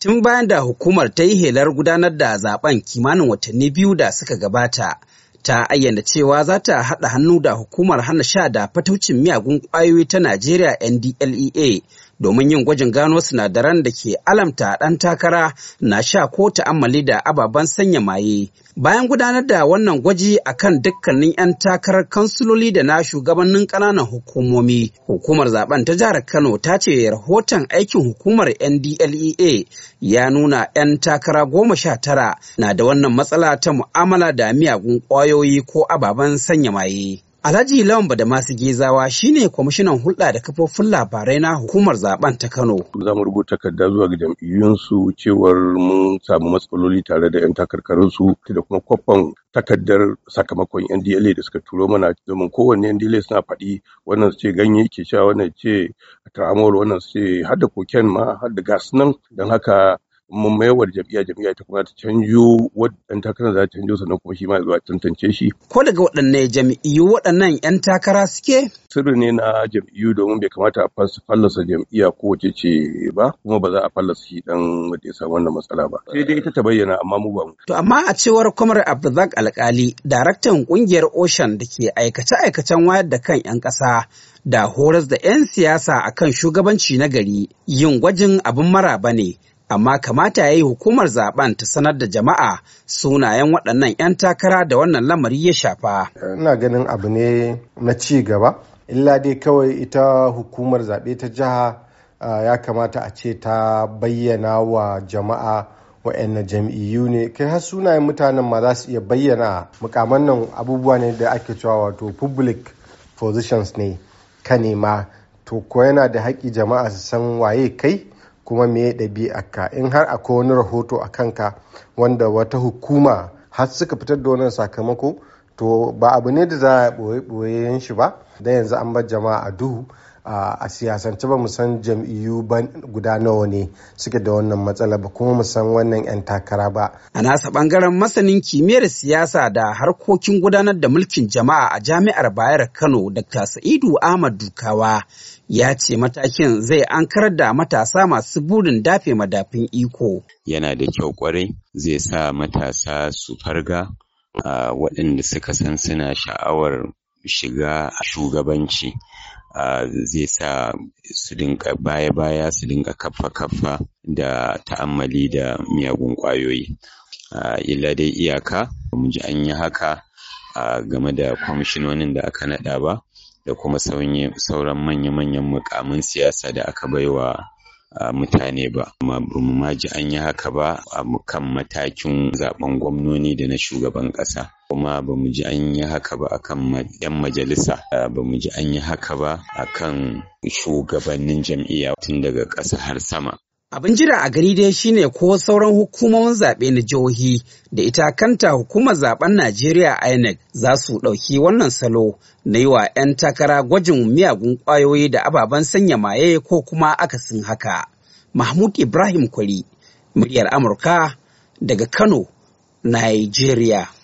tun bayan da hukumar ta yi helar gudanar da zaben kimanin watanni biyu da suka gabata ta ayyana cewa za ta haɗa hannu da hukumar hana sha da fataucin miyagun ƙwayoyi ta najeriya ndlea domin yin gwajin gano sinadaran da ke alamta ɗan takara na sha ko ta'ammali da ababen sanya maye. Bayan gudanar da wannan gwaji a kan dukkanin 'yan takarar kansuloli da na shugabannin ƙananan hukumomi, hukumar zaben ta jihar Kano ta ce rahoton aikin hukumar NDLEA ya nuna 'yan takara goma sha tara na da wannan matsala ta mu'amala da miyagun ƙwayoyi ko ababen sanya maye. Alhaji Lawan masu Gezawa shine kwamishinan hulɗa da kafofin labarai na hukumar zaben ta Kano. Za mu rubuta takarda zuwa ga jam'iyyunsu cewar mun samu matsaloli tare da 'yan takarkarinsu da kuma kwafan takardar sakamakon NDLA da suka turo mana domin kowanne NDLA suna faɗi wannan su ce ganye ke sha wannan ce tramor wannan su ce har da koken ma har da gas nan don haka mun mayar wa jam'iyya jam'iyya ta kuma ta canjo waɗannan takarar za ta canjo sannan kuma shi ma ya tantance shi. Ko daga waɗanne jam'iyyu waɗannan 'yan takara suke? Sirri ne na jam'iyyu domin bai kamata a fallasa jam'iyya ko wace ce ba kuma ba za a fallasa shi dan wanda ya samu wannan matsala ba. Sai dai ita ta bayyana amma mu ba mu. To amma a cewar Kwamar abdulzak Alkali, daraktan ƙungiyar Ocean da ke aikace-aikacen wayar da kan 'yan ƙasa da horas da 'yan siyasa akan shugabanci na gari yin gwajin abin maraba ne amma kamata ya yi hukumar zaben ta sanar da jama'a sunayen waɗannan 'yan takara da wannan lamari ya shafa. Ina ganin abu ne na ci gaba, illa dai kawai ita hukumar zaɓe ta jiha ya kamata a ce ta bayyana wa jama'a wa'annan jam'iyyu ne kai har sunayen mutanen ma za su iya bayyana mukaman nan abubuwa ne da ake cewa wato public positions ne ka nema to ko yana da haƙƙi jama'a su san waye kai kuma me ka in har akwai wani rahoto a kanka wanda wata hukuma har suka fitar da wannan sakamako to ba abu ne da za a ɓoye-ɓoyen shi ba da yanzu an bar jama'a a duhu a siyasance ba mu san jam'iyyu ba guda nawa ne suke da wannan matsala ba kuma mu san wannan 'yan takara ba. A nasa bangaren masanin kimiyyar siyasa da harkokin gudanar da mulkin jama'a a jami'ar Bayar Kano Dr. Sa'idu Ahmad Dukawa ya ce matakin zai ankar da matasa masu burin dafe madafin iko. Yana da kyau kwarai zai sa matasa su farga waɗanda suka san suna sha'awar shiga shugabanci zai sa su dinga baya-baya su dinga kaffa-kaffa da ta'ammali da miyagun ƙwayoyi. illa dai iyaka mu ji an yi haka game da kwamishinonin da aka naɗa ba da kuma sauran manya-manyan mukamin siyasa da aka baiwa mutane ba amma mu ma ji an yi haka ba a kan matakin zaben gwamnoni da na shugaban ƙasa. kuma ba mu ji an yi haka ba akan 'yan majalisa eh, ba mu ji an yi haka ba akan shugabannin jam'iyya tun daga ƙasa har sama abin jira a gari dai shine ko sauran hukumomin zaɓe na jihohi da ita kanta hukumar zaben najeriya inec za su ɗauki wannan salo na yi wa 'yan takara gwajin miyagun ƙwayoyi da ababen sanya maye ko kuma akasin haka mahmud ibrahim kwari muryar amurka daga kano Nigeria.